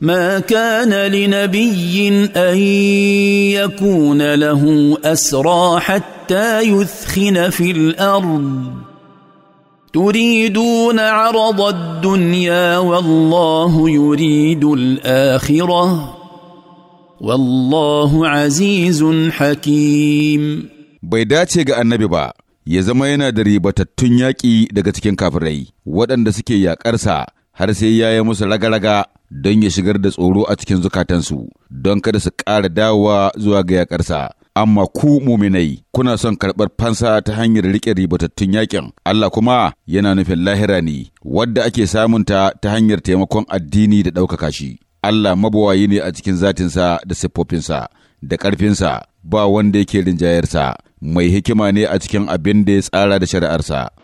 ما كان لنبي ان يكون له اسرى حتى يثخن في الارض تريدون عرض الدنيا والله يريد الاخره والله عزيز حكيم bai dace ga annabi ba ya zama yana da ribatattun yaƙi daga cikin kafirai waɗanda suke yaƙarsa har sai ya yi musu ragaraga. don ya shigar da tsoro a cikin zukatansu don kada su ƙara dawowa zuwa ga yakarsa Amma ku muminai kuna son karɓar fansa ta hanyar riƙe ribatattun yaƙin. Allah kuma yana nufin lahira ne wadda ake samunta ta hanyar taimakon addini da ɗaukaka shi. Allah mabawayi ne a cikin zatinsa da siffofinsa da ƙarfinsa ba wanda yake rinjayarsa mai hikima ne a cikin abin da ya tsara da shari'arsa.